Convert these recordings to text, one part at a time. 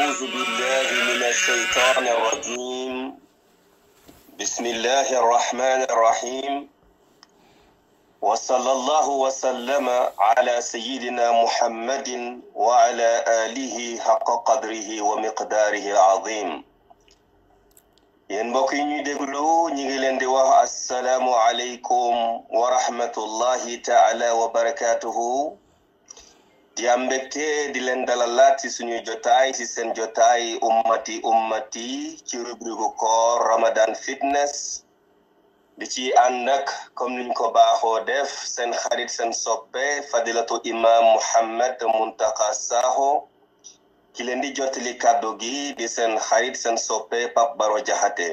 أعوذ بالله من الشيطان الرجيم بسم الله الرحمن الرحيم وصلى الله وسلم على سيدنا محمد وعلى آله حق قدره ومقداره العظيم yéen mbokk yi ñuy déglu ñu ngi leen di wax assalaamu aleykum wa rahmatullahi taala wa barakatuhu di am di leen dalalaat ci suñuy jotaay ci seen jotaay ummati ummati ci rubrique koor Ramadan fitness di ci ànd ak comme niñ ko baaxoo def seen xarit seen soppe fadilatu imam Mouhamed Muntaka Sakho ki leen di jottali kàddu gi di seen xarit seen soppe Pape Baro Jaxate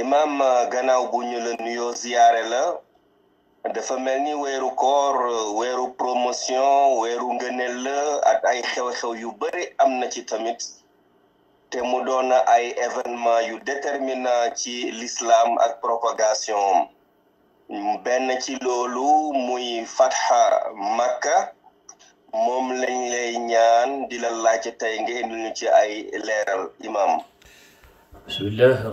imam gannaaw bu ñu la nuyoo ziyaare la dafa mel ni weeru koor weeru promotion weeru ngëneel la ak ay xew-xew yu bëri am na ci tamit te mu doon ay événement yu déterminant ci lislaam ak propagation benn ci loolu muy fatxa Makka moom lañ lay ñaan di la laaj tey nga indil ñu ci ay leeral imam bismillah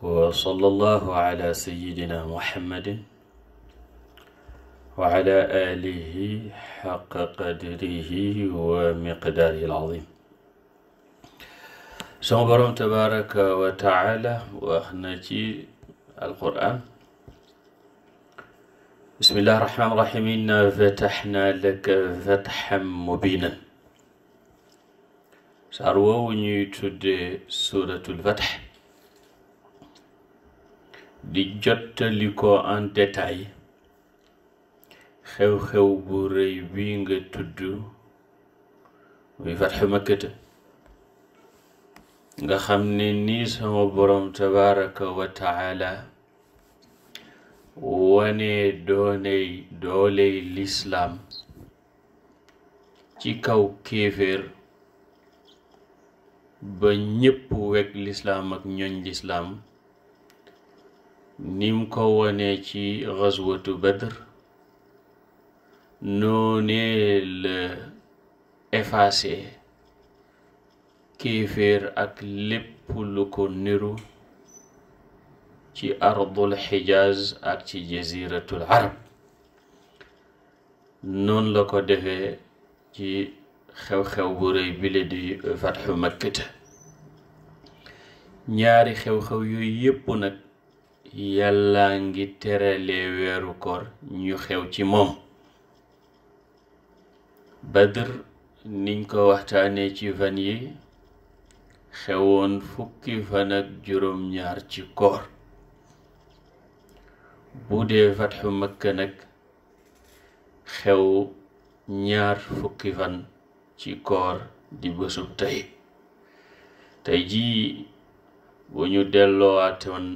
wa sallallahu ala sayyidina muhammadin wa ala alihi xaqa qadrihi wa miqdaarihi al-aziim sama borom tabaaraka wa taala wax na ci alqur'an bismillahi rahmaani rahiim innaa fatahnaa laka fathan mubiinan saar woowu ñuy tudde suuratul Fath di jottali ko en détail xew-xew bu rëy bi nga tudd muy fatxu kët nga xam ne nii sama borom tabaraka wa taala wane dooney dooley lislaam ci kaw kéeféer ba ñépp wekk lislaam ak ñoñ lislaam nim ko wonee ci xaswatu badr noonee la effacé kéeféer ak lépp lu ko niru ci ardul xijaaz ak ci jaziratul arab noon la ko defee ci xew-xew bu rëy bile di fatxu makkata ñaari xew-xew yooyu yépp nag yàlla ngi teralee weeru koor ñu xew ci moom badr niñ ko waxtaanee ci fan yi xewoon fukki fan ak juróom ñaar ci koor bu dee fatxu makka nag xew ñaar fukki fan ci koor di bésub tey tey jii bu ñu delloowaatoon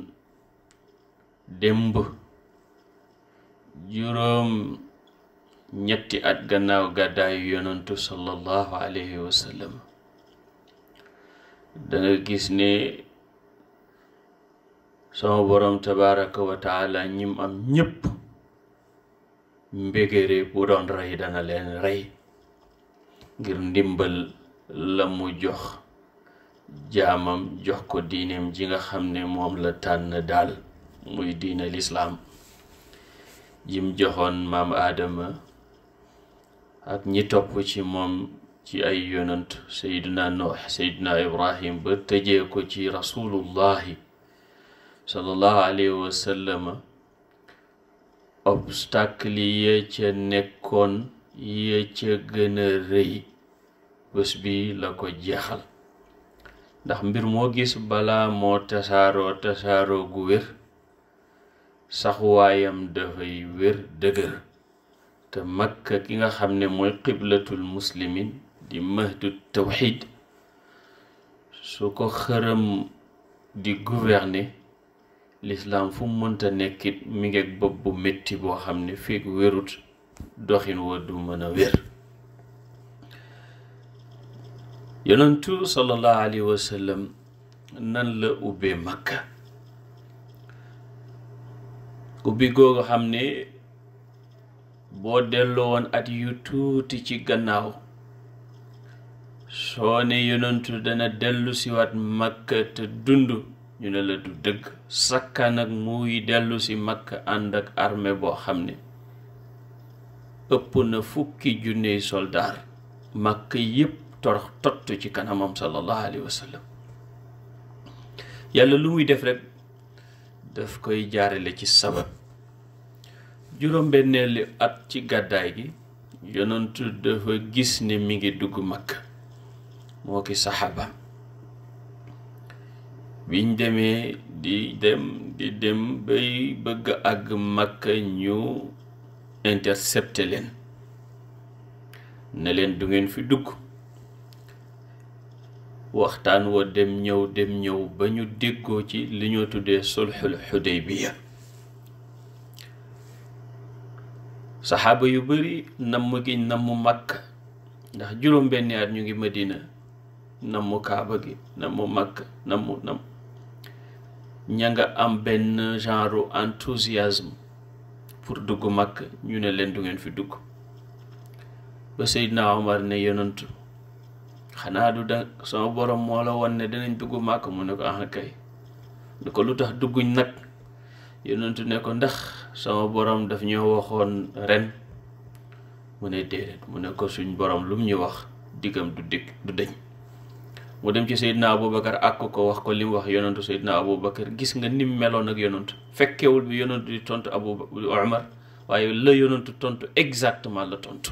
démb juróom ñetti at gannaaw gàddaayu yonantu sallallahu alayhi wa sallam gis ni sama borom tabaraka wa taala ñim am ñépp mbégére bu doon rey dana leen rey ngir ndimbal lamu mu jox jaamam jox ko diineem ji nga xam ne moom la tànn daal muy diine lislaam jim joxoon maam aadama ak ñi topp ci moom ci ay yonant seydina noox seydina ibrahim ba tëjee ko ci rasulullahi sallallahu alayhi wa sallama obstacle ca nekkoon ya ca gën rëy bés bi la ko jeexal ndax mbir moo gis bala moo tasaaroo tasaaroo gu wér saxuwaayam dafay wér dëgër te makka ki nga xam ne mooy qiblatul muslimin di mahdu tawxid su ko xërëm di gouverner lislaam fu mënta nekkit mi ngeeg bopp bu métti boo xam ne feeg wérut doxin wa du mëna a wér yonentu sallallahu alayhi wa nan la ubbee makka ubbi googu xam ne boo delloo woon at yu tuuti ci gannaaw soo ne yonentu dana dellu siwaat makka te dund ñu ne la du dëgg sakka nag muy dellu makk makka ànd ak armée boo xam ne ëpp na fukki junney soldaar makk yépp torox tott ci kanamam sallallahu alayhi wa yàlla lu muy def rek daf koy jaarale ci sabat juróom-benneeli at ci gàddaay gi yonentu dafa gis ni mi ngi dugg Makka moo ki saxaaba biñ demee di dem di dem bay bëgg àgg Makka ñu intercepté leen ne leen du ngeen fi dugg waxtaan wa dem ñëw dem ñëw ba ñu déggoo ci li ñoo tuddee sulxul xudaybiya saxaaba yu bari namm gi namm màkk ndax juróom benni at ñu ngi madina namm kaaba gi namm màkk namm namm ña nga am benn genre enthousiasme pour dugg màkk ñu ne leen du ngeen fi dugg ba Seydina Omar ne yonantu xanaa du da sama borom moo la won ne danañ dugg màkk mu ne ko ah kay du ko lu tax dugguñ nag yonentu ne ko ndax sama borom daf ñoo waxoon ren mu ne déedéet mu ne ko suñ borom lu mu ñu wax diggam du dig du dëñ mu dem ci Seydina Aboubacar ak ko wax ko li mu wax yonentu Seydina Aboubacar gis nga nim meloon ak yonentu fekkewul bi yonentu di tontu Abou Omar waaye la yonentu tontu exactement la tontu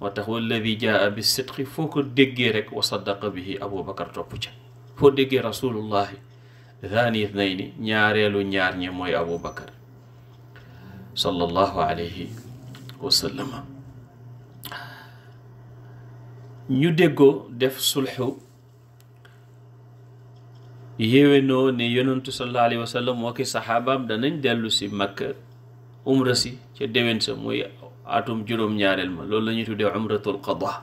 moo tax walladi jaa bi sidqi foo ko déggee rek wa saddaqa bihi abubakar topp ca foo déggee rasulullahi thani ithnayni ñaareelu ñaar ñe mooy abubakar sallallahu alayhi wa sallama ñu déggoo def sulxu yéwénoo ne yonentu sallallahu alayhi wa sallam moo saxaabaam danañ dellu si makka umra si ca déwén sa muy atum juróom-ñaareel ma loolu la ñuy tuddee umratul qada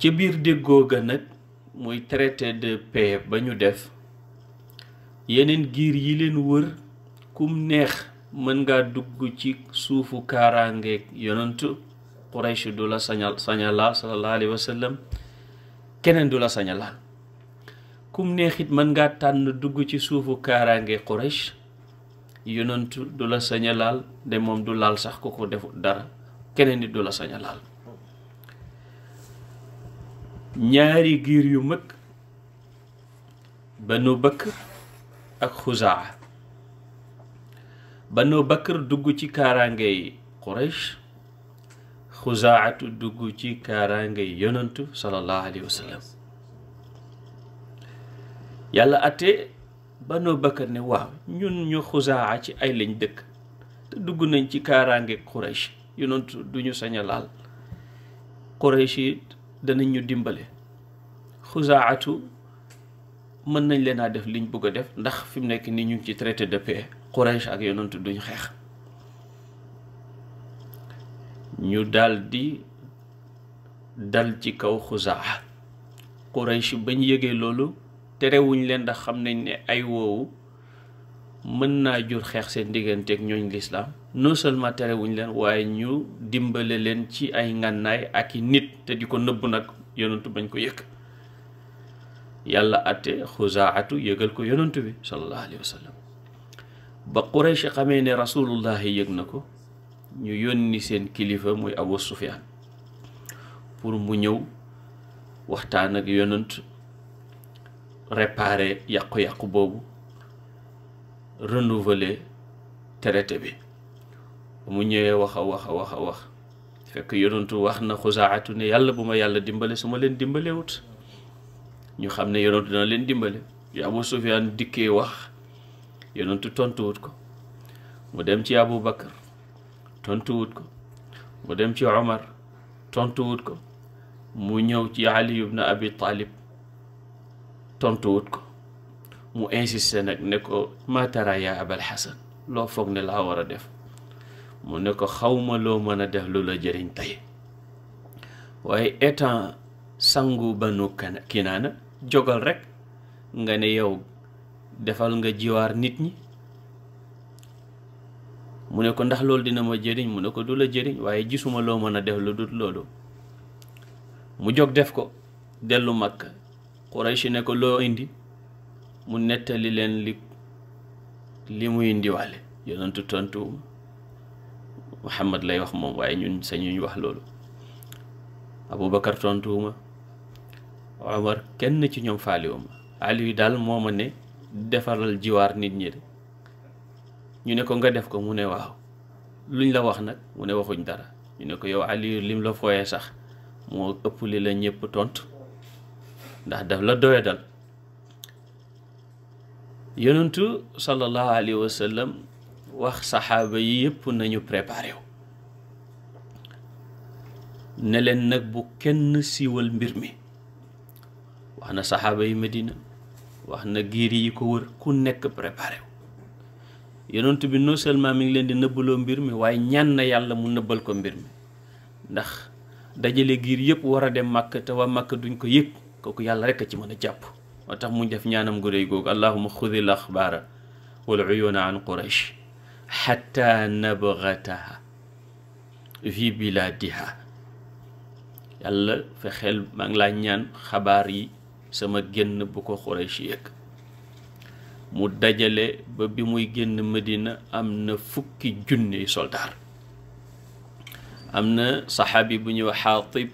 ci biir déggoo ga nag muy traité de paix ba ñu def yeneen giir yi leen wër kum neex mën nga dugg ci suufu kaaraangeeg yonantu Quraysh du la sañal sañalaa sallallahu alayhi keneen du la sañalaa kum neex it mën nga tànn dugg ci suufu kaaraangeeg Quraysh yonantu du la sañ laal de moom du laal sax ku ko def dara keneen nit du la sañ laal ñaari giir yu mag banu Bakr ak Xuzaa banu Bakr dugg ci kaaraangey Quraysh atu dugg ci kaaraangey yonantu sallallahu alayhi wa yàlla ate Banu Bakar ne waaw ñun ñu xusaa ci ay lañ dëkk te dugg nañ ci kaaraange Quraysh yonent duñu sañ a laal Quraysh yi danañ ñu dimbale atu mën nañ leen a def liñ bëgg a def ndax fi mu nekk ni ñu ci traité de paix Quraysh ak yonent duñ xeex ñu daldi dal ci kaw xusaa Quraysh bañ yëgee loolu terewuñ leen ndax xam nañ ne ay woowu mën naa jur xeex seen digganteeg ñooñ lislaam non seulement terewuñ leen waaye ñu dimbale leen ci ay ngànnaay ak i nit te di ko nëbb nag yonentu bañ ko yëg yàlla àtte xuzaatu yëgal ko yonantu bi sallallahu alayhi wa sallam ba Quraysh xamee ne rasulullahi yëg na ko ñu yónni seen kilifa muy Abu Sufyaan pour mu ñëw waxtaan ak yonent réparer yàqu-yàqu boobu renouveler traité bi mu ñëwee wax a wax a wax wax fekk yonentu wax na xusaatu ne yàlla bu ma yàlla dimbale su ma leen dimbalewut ñu xam ne yonentu dana leen dimbale yu Abu dikkee wax yonentu tontuwut ko mu dem ci Abu Bakar tontuwut ko mu dem ci Omar tontuwut ko mu ñëw ci Ali Abi Talib tontuwut ko mu insisté nag ne ko matara yaa abal xasan loo foog ne laa war a def mu ne ko xawma loo mën a def lu la jëriñ tey waaye étant sangu banu kinaana jógal rek nga ne yow defal nga jiwaar nit ñi mu ne ko ndax loolu dina ma jëriñ mu ne ko du la jëriñ waaye gisuma loo mën a def lu dul loolu mu jog def ko dellu Makka Quraysh ne ko loo indi mu nettali leen li li mu indiwaale yonentu tontu Muhammad lay wax moom waaye ñun sañuñ wax loolu Aboubacar tontuwuma Omar kenn ci ñoom faaliwuma Aliou daal moo ma ne defaral jiwaar nit ñi de ñu ne ko nga def ko mu ne waaw luñ la wax nag mu ne waxuñ dara ñu ne ko yow Aliou lim la fooyee sax moo ëpp li la ñëpp tontu. ndax daf la doyadal yonentu sallallahu alayhi wa sallam wax saxaaba yi yëpp nañu préparé wu ne leen nag bu kenn siiwal mbir mi wax na saxaaba yi Medina wax na giir yi ko wër ku nekk préparé wu bi noo seulement mi ngi leen di nëbbaloo mbir mi waaye ñaan na yàlla mu nëbbal ko mbir mi ndax dajale giir yépp war a dem màkk te waa màkk duñ ko yëg kooku yàlla rekk a ci mën a jàpp moo tax mu def ñaanam gu rëy googu allahuma xudil axbaara wal uyuuna an quraish xatta nabgataha fi biladiha yàlla fexeel maa ngi laa ñaan xabaar yi sama génn bu ko quraish yëg mu dajale ba bi muy génn Medina am na fukki junni soldaar am na saxaabi bu ñuy xaatib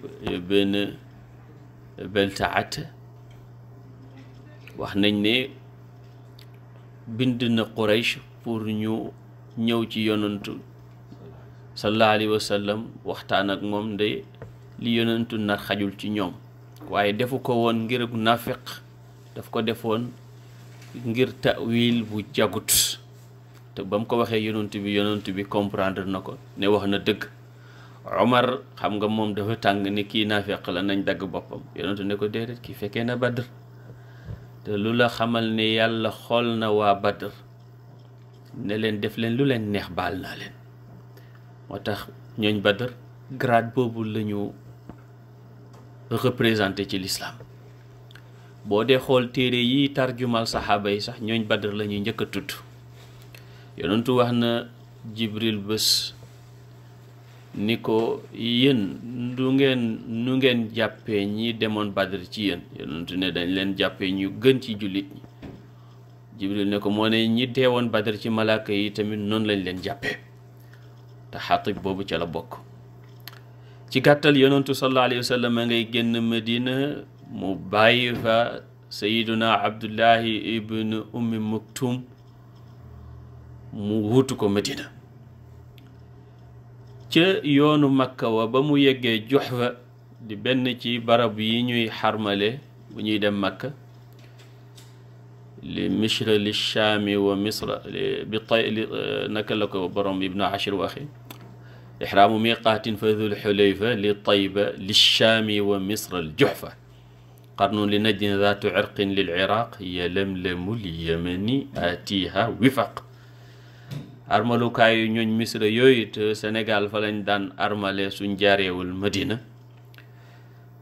beltaat wax nañ ne bind na Quraysh pour ñu ñëw ci yonantu sallallahu alayhi wa waxtaan ak moom de li yonantu nar xajul ci ñoom waaye defu ko woon ngir ak nafiq daf ko defoon ngir tawil bu jagut te ba mu ko waxee yonantu bi yonantu bi comprendre na ko ne wax na dëgg Omar xam nga moom dafa tàng ni kii naa naafeq la nañ dagg boppam yonentu ne ko déedéet kii fekkee na Badr te lu la xamal ne yàlla xool na waa Badr ne leen def leen lu leen neex baal naa leen moo tax ñooñ Badr grade boobu la ñu représenté ci l'islam boo dee xool téere yi tarjumal saxaaba yi sax ñooñ Badr lañuy njëkk a tudd yonentu wax na Jibril bés ni ko yéen nu ngeen nu ngeen jàppee ñi demoon Badr ci yéen yonentu ne dañ leen jàppee ñu gën ci jullit ñi Jibril ne ko moo ne ñi deewoon Badr ci malaaka yi tamit noonu lañ leen jàppee te xatib boobu ca la bokk ci gàttal yonentu sallallahu alayhi wa sallam a ngay génn Medina mu bàyyi fa sayiduna Abdullahi ibn Ummi Muktum mu wuutu ko Medina ca yoonu makka wa ba mu yeggee Juhfa di benn ci barab yi ñuy xarmale bu ñuy dem makka li mishra li shaami wa misra bi tay li eh, naka la ko borom ibnu ashir waxi ihraamu miqaatin fa dul xulayfa li tayba li shaami wa misra al juxfa qarnun li najdin zaatu irqin lil iraq yelemlemul yemani aatiha wifaq armalukaayu ñooñ misra yooyu te Sénégal fa lañ daan armale suñ jaareewul Madina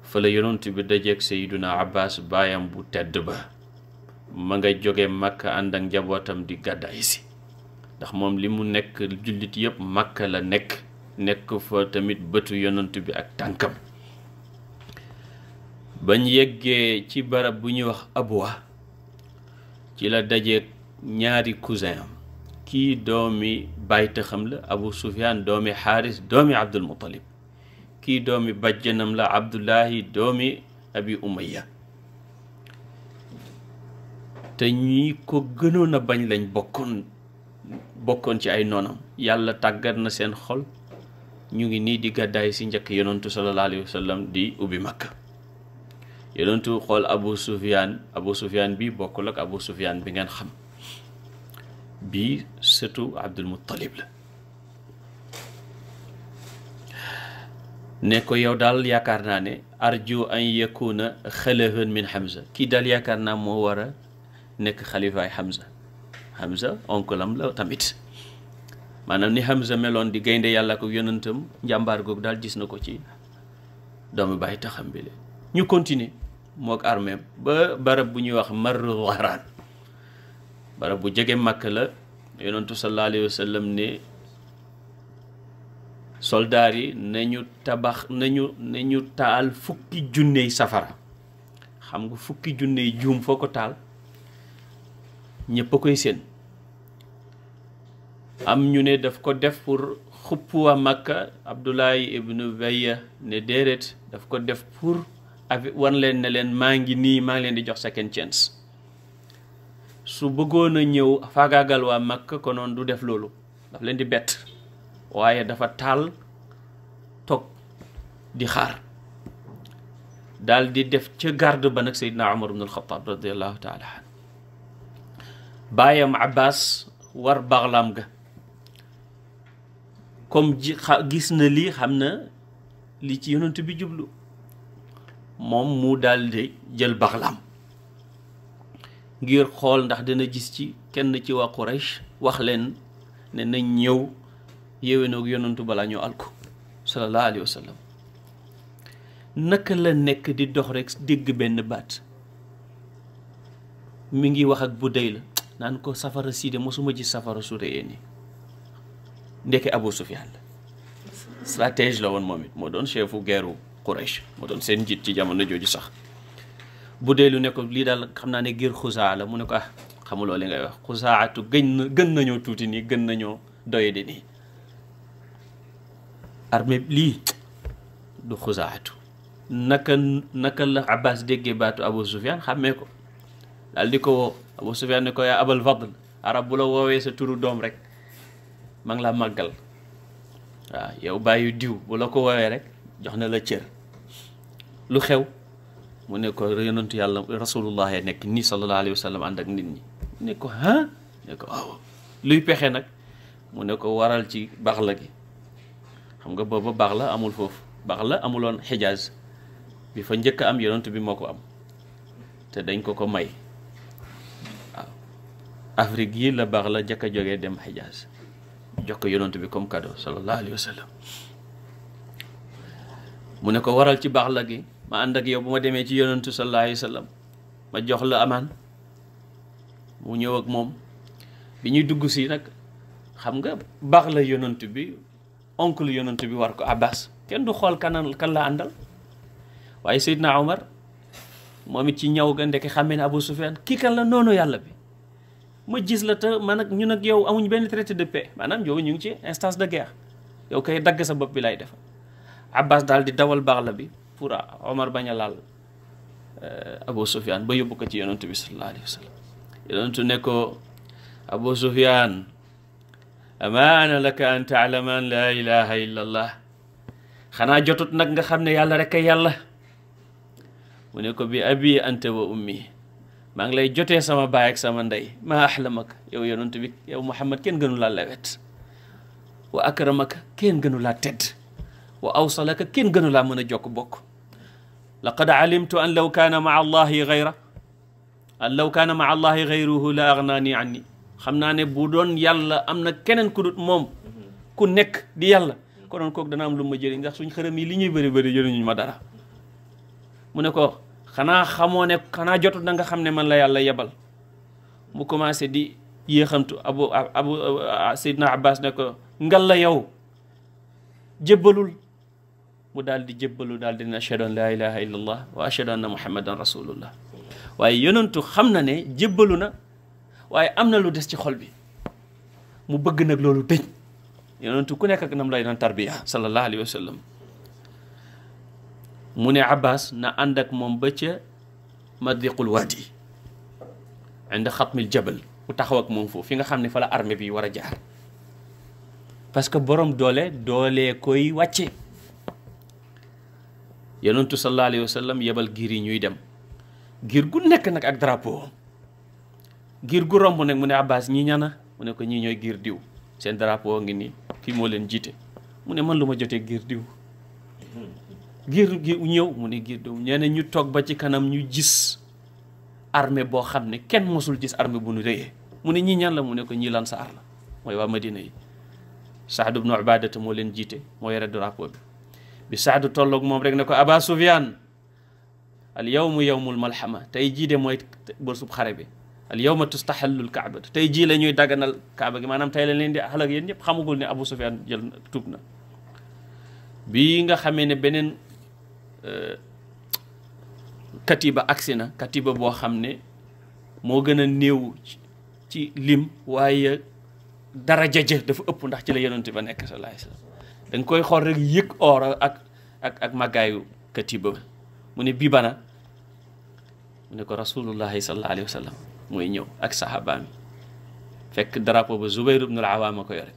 fa la yonent bi dajeeg Seyduna Abbas baayam bu tedd ba ma nga jóge Makka ànd ak njabootam di gàddaay si ndax moom li mu nekk jullit yépp Makka la nekk nekk fa tamit bëtu yonent bi ak tànkam bañ yeggee ci barab bu ñuy wax Abwa ci la dajeeg ñaari cousin am kii doomi bayta xam la abu sufyaan doomi xaaris doomi abdul muttalib kii doomi bajjanam la abdullahi doomi abi umayya te ñi ko gënoon a bañ lañ bokkoon bokkoon ci ay noonam yàlla tàggat na seen xol ñu ngi nii di gàddaay si njëkk yonentu sallallahu alayhi di ubbi makka yonentu xol abu sufyaan abu sufyaan bi bokkul ak abu sufyaan bi ngeen xam bii sëtu Abdul Muttalib la ne ko yow daal yaakaar naa ne arju an yakuna xalafan min Hamza kii daal yaakaar naa moo war nekk xalifaay Hamza Hamza oncle am la tamit maanaam ni Hamza meloon di gaynde yàlla ko yonentam njàmbaar googu daal gis na ko ci doomu bàyyi taxam ñu continuer mook armée ba barab bu ñuy wax Marru Waraan barab bu jege màkk la yonentu sallallahu alayhi wa ne soldaar yi nañu tabax nañu nañu taal fukki junney safara xam nga fukki junney juum foo ko taal ñëpp koy seen am ñu ne daf ko def pour xupp waa Makka Abdoulaye ibnu Bayya ne déedéet daf ko def pour avec wan leen ne leen maa ngi nii maa ngi leen di jox second chance su bëggoon a ñëw faagaagal waa Makka konoon du def loolu daf leen di bett waaye dafa taal toog di xaar daal di def ca gàrd ba nag Seydina Omar ibn al-Khattab radiallahu taala an baayam Abbas war baxlaam ga comme ji gis na lii xam na li ci yonent bi jublu moom mu daal di jël baxlaam ngir xool ndax dina gis ci kenn ci waa Quraysh wax leen ne nañ ñëw yéwénoog yonantu balaa ñoo alku sallallahu alayhi wa naka la nekk di dox rek dégg benn baat mu ngi wax ak bu dey la naan ko safara sii de mosuma gis safara su rëyee nii ndeke Abu Sufyaan la stratège la woon moom it moo doon chefu guerru Quraysh moo doon seen njiit ci jamono jooju sax bu dee lu ne ko lii daal xam naa ne giir xusaa la mu ne ko ah xamuloo li ngay wax xusaatu gën na gën nañoo tuuti nii gën nañoo doyadi nii armée lii du xusaatu naka naka la abbas déggee baatu abou soufiane xàmmee ko dal di ko woo abou soufiane ne ko yaa abal fadl arab bu la woowee sa turu doom rek ma ngi la màggal waaw yow bàyyi diw bu la ko woowee rek jox na la cër lu xew mu ne ko yonentu yàlla rasulullah ya nekk nii sallallahu alayhi wa sallam ànd ak nit ñi mu ne ko ah luy pexe nag mu ne ko waral ci baax la gi xam nga booba baax la amul foofu baax la amuloon xijaaz bi fa njëkk am yonent bi moo ko am te dañ ko ko may waaw Afrique yi la baax la jëkk a jógee dem xijaaz jox ko yonent bi comme cadeau sallallahu alayhi mu ne ko waral ci baax la gi ma ànd ak yow bu ma demee ci yonentu sallallahu alayhi wa ma jox la amaan mu ñëw ak moom bi ñuy dugg si nag xam nga baax la yonentu bi lu yonentu bi war ko abbas kenn du xool kanan kan la àndal waaye Seydina Omar moom it ci ñaw ga ndeke xamee ne Abu Sufyan kii kan la noonu yàlla bi ma gis la te man ak ñun ak yow amuñ benn traité de paix maanaam yow ñu ngi ci instance de guerre yow kay dagg sa bopp bi lay def abbaas daal di dawal baax la bi pour Omar bañ a laal euh, Abu Sufyaan ba yóbbu ko ci yonentu bi sallallahu alayhi wa sallam yonentu ne ko Abu Sufyaan amaana laka an taalama an laa ilaha illa xanaa jotut nag nga xam ne yàlla rek a yàlla mu ne ko bi abi anta wa ummi maa ngi lay jotee sama baayak sama ndey maa ahlamaka yow yonentu bi yow Muhammad kenn gënu laa lewet wa akramaka kenn gënu laa tedd wa awsalaka kenn gënu laa mën a jokk bokk laqad alimtu an law kaana maa allahi gayra an law kaana maa allahi gayruhu la agnaani anni xam naa ne bu doon yàlla am na keneen ku dut moom ku nekk di yàlla konoon kooku dana am lu ma jëriñ ndax suñ xërëm yi li ñuy bëri bëri jëriñuñ ma dara mu ne ko xanaa xamoo ne xanaa jotu na nga xam ne man la yàlla yebal mu commencé di yéexamtu abu abu Seydina Abbas ne ko ngal la yow jébbalul mu daal di jébbalu daal di ne ashhadu an laa ilaha illa allah wa ashhadu anna muhammadan rasulullah waaye yonentu xam na ne jébbalu na waaye am na lu des ci xol bi mu bëgg nag loolu dëñ yonentu ku nekk nam lay doon tarbiya sallallahu alayhi wa mu ne abbas na ànd moom ba ca madriqul wadi inda xatmil jabal mu taxaw ak moom foofu fi nga xam ne fa la armée bi war a jaar parce borom doole doole koy wàcce yonentu sallallahu alayhi wa yebal giir yi ñuy dem giir gu nekk nag ak drapeau giir gu romb nag mu ne Abbas ñii ñana mu ne ko ñii ñooy giir diw seen drapeau ngi nii kii moo leen jiite mu ne man lu ma jotee giir giir gi ñëw mu ne giir diw ñu toog ba ci kanam ñu gis armée boo xam ne kenn mosul gis armée bu mu ne ñii ñan la mu ne ko ñii lan sa ar la mooy waa Madina yi Saad ibnu Ubaadata moo leen jiite moo yore drapeau bi bi saadu tolloog moom rek ne ko aba sufyaan al yawmu yawmul malhama tey jii de mooy bésub xare bi al yawma tustahallul kaabatu tey jii la ñuy daganal kaaba gi maanaam tey lañ leen di xalak yéen ñëpp xamagul ne abu sufyaan jël tuub na bii nga xamee ne beneen euh, katiba agsi na katiba boo xam ne moo gën a néew ci lim waaye daraja ja dafa ëpp ndax ci la yonent ba nekk sallallahu alayhi wasallam da koy xool rek yëg or ak ak ak màggaayu katiba mu ne bii bana mu ne ko rasulullahi sallallahu alayhi wa sallam mooy ñëw ak sahabaami fekk drapeau ba Zubayr ibn al-Awam a ko yore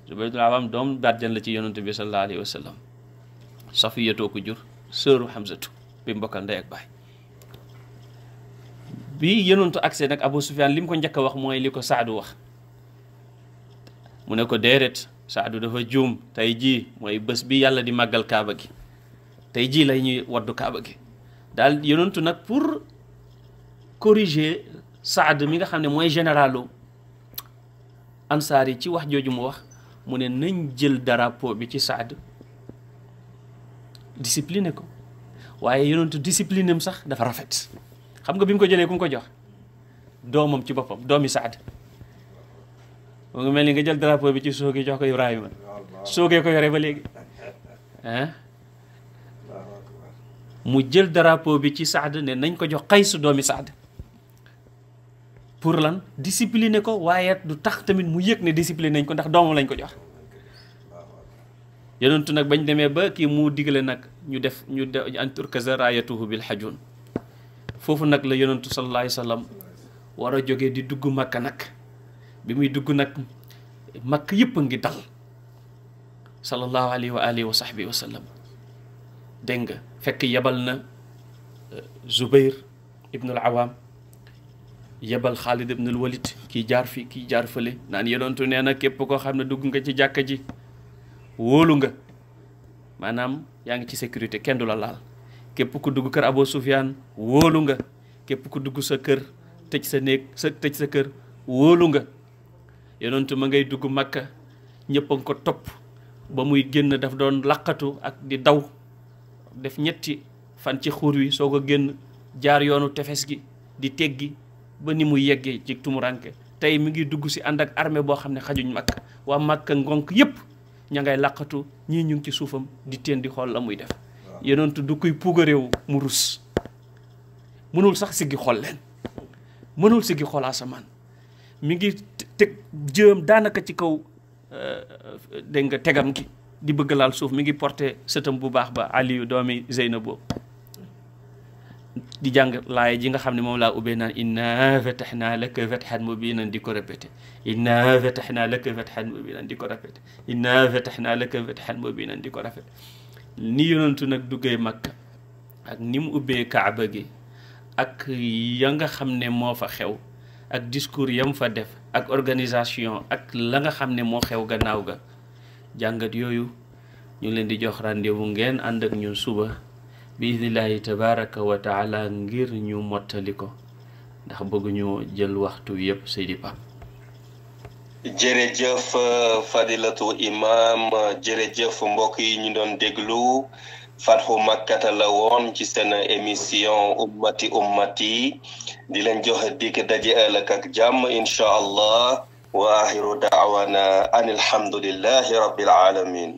doom bàjjan la ci yonent bi sa alayhi wa sallam Safiyatoo jur sëru Hamzatu bi mbokkal ndey ak baay bi yonentu accès nag Abu Sufyaan li mu ko njëkk wax mooy li ko Saadu wax mu ne ko déedéet saadu dafa juum tey jii mooy bés bi yàlla di màggal kaaba gi tey jii lay ñuy waddu kaaba gi daal yonentu nag pour corriger saad mi nga xam ne mooy généralu ansaar yi ci wax jooju mu wax mu ne nañ jël drapeau bi ci saad discipliné ko waaye yonentu discipliné am sax dafa rafet xam nga bi mu ko jëlee ku mu ko jox doomam ci boppam doomi saad mu ngi mel ni nga jël drapeau bi ci suuf gi jox ko Ibrahima suuf gee ko yore ba léegi mu jël drapeau bi ci Saad ne nañ ko jox Qays doomi Saad pour lan discipliner ko waaye du tax tamit mu yëg ne discipline nañ ko ndax doomam lañ ko jox yonentu nag bañ demee ba kii mu digle nag ñu def ñu de an turkaza raayatuhu bil xajun foofu nag la yonentu sallallahu alayhi wa war a jóge di dugg Makka nag bi muy dugg nag makk yëpp a ngi dal sallallahu alayhi wa alihi wa dégg nga fekk yebal na euh, Zubair ibn al Awaam yebal Xaalid ibn al Walid kii jaar fi kii jaar fële naan yonentu nee na képp koo xam ne dugg nga ci jàkka ji wóolu nga maanaam yaa ngi ci sécurité kenn du la laal képp ku dugg kër Abu Sufyaan wóolu nga képp ku dugg sa kër tëj sa néeg sa tëj sa kër wóolu nga yonentu ma ngay dugg makka ñëpp a ngi ko topp ba muy génn daf doon laqatu ak di daw def ñetti fan ci xuur wi soo ko génn jaar yoonu tefes gi di teggi ba ni mu yeggee ci tumuraanke tey mi ngi dugg si ànd ak armée boo xam ne xajuñ makka waa makka ngonk yëpp ña ngay laqatu ñii ñu ci suufam di teen di xool la muy def yonentu du kuy puugaréew mu rus mënul sax siggi xool leen mënul siggi xool asamaan mi ngi teg jëm daanaka ci kaw euh, dégg nga tegam gi di bëgg laal suuf mi ngi porté sëtam bu baax ba Aliyu doomi Zeynabu di jàng laay ji nga xam ne moom laa ubbee naan inna fatahnaa laka fathan mubiinan di ko répété naa fatahnaa laka fathan mubiinan di ko répété inna fatahnaa laka fathan mubiinan di ko répété ni yonentu nag duggee Makka ak ni mu ubbee Kaaba gi ak ya nga xam ne moo fa xew ak discours yam fa def ak organisation ak la nga xam ne moo xew gannaaw ga jàngat yooyu ñu leen di jox rendez-vous ngeen àndak ñu suba bi idnillahi tabaraka wa ngir ñu mottali ko ndax bëgguñu jël waxtu yépp Seydi Pape jërëjëf Fadilatu Imam jërëjëf mbokk yi ñu doon déglu fatxu makkata la woon ci seen émission ummati ummati di leen joxe dikk daje ëllëg ak jàmm incha allah wa axiru daawana an alhamdulillahi rabbil alamin